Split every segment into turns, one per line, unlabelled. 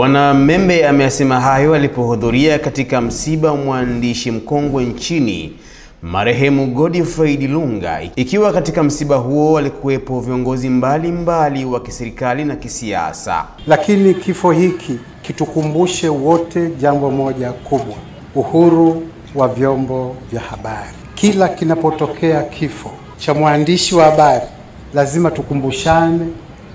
Bwana Membe ameyasema hayo alipohudhuria katika msiba mwandishi mkongwe nchini marehemu Godfrey Dilunga. Ikiwa katika msiba huo walikuwepo viongozi mbalimbali wa kiserikali na kisiasa.
Lakini kifo hiki kitukumbushe wote jambo moja kubwa, uhuru wa vyombo vya habari. Kila kinapotokea kifo cha mwandishi wa habari, lazima tukumbushane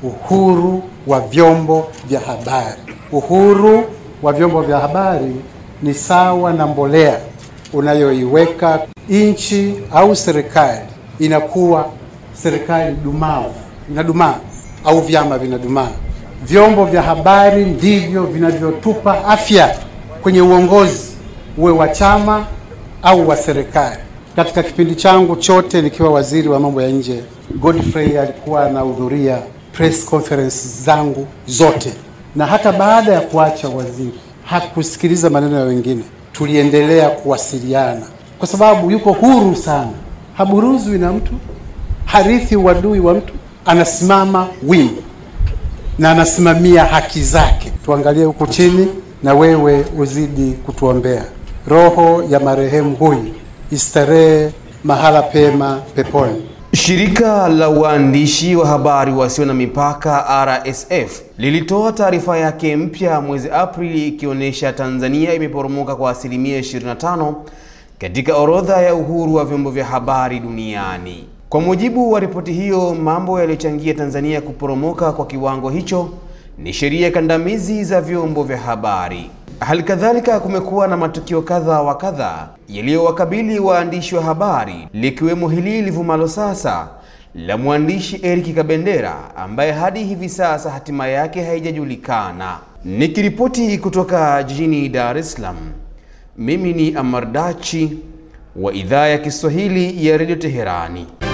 uhuru wa vyombo vya habari. Uhuru wa vyombo vya habari ni sawa na mbolea unayoiweka nchi au serikali, inakuwa serikali dumavu, inadumaa au vyama vinadumaa. Vyombo vya habari ndivyo vinavyotupa afya kwenye uongozi, uwe wa chama au wa serikali. Katika kipindi changu chote nikiwa waziri wa mambo ya nje, Godfrey alikuwa anahudhuria press conference zangu zote, na hata baada ya kuacha waziri hakusikiliza maneno ya wengine, tuliendelea kuwasiliana kwa sababu yuko huru sana, haburuzwi na mtu, harithi uadui wa mtu, anasimama wima na anasimamia haki zake. Tuangalie huko chini, na wewe uzidi kutuombea. Roho ya marehemu huyu istarehe mahala pema peponi. Shirika la
waandishi wa habari wasio na mipaka RSF lilitoa taarifa yake mpya mwezi Aprili ikionyesha Tanzania imeporomoka kwa asilimia 25 katika orodha ya uhuru wa vyombo vya habari duniani. Kwa mujibu wa ripoti hiyo, mambo yaliyochangia Tanzania kuporomoka kwa kiwango hicho ni sheria kandamizi za vyombo vya habari. Hali kadhalika kumekuwa na matukio kadha wa kadha yaliyowakabili waandishi wa habari likiwemo hili livumalo sasa la mwandishi Eric Kabendera ambaye hadi hivi sasa hatima yake haijajulikana. Nikiripoti kutoka jijini Dar es Salaam, mimi ni Amardachi wa idhaa ya Kiswahili ya redio Teherani.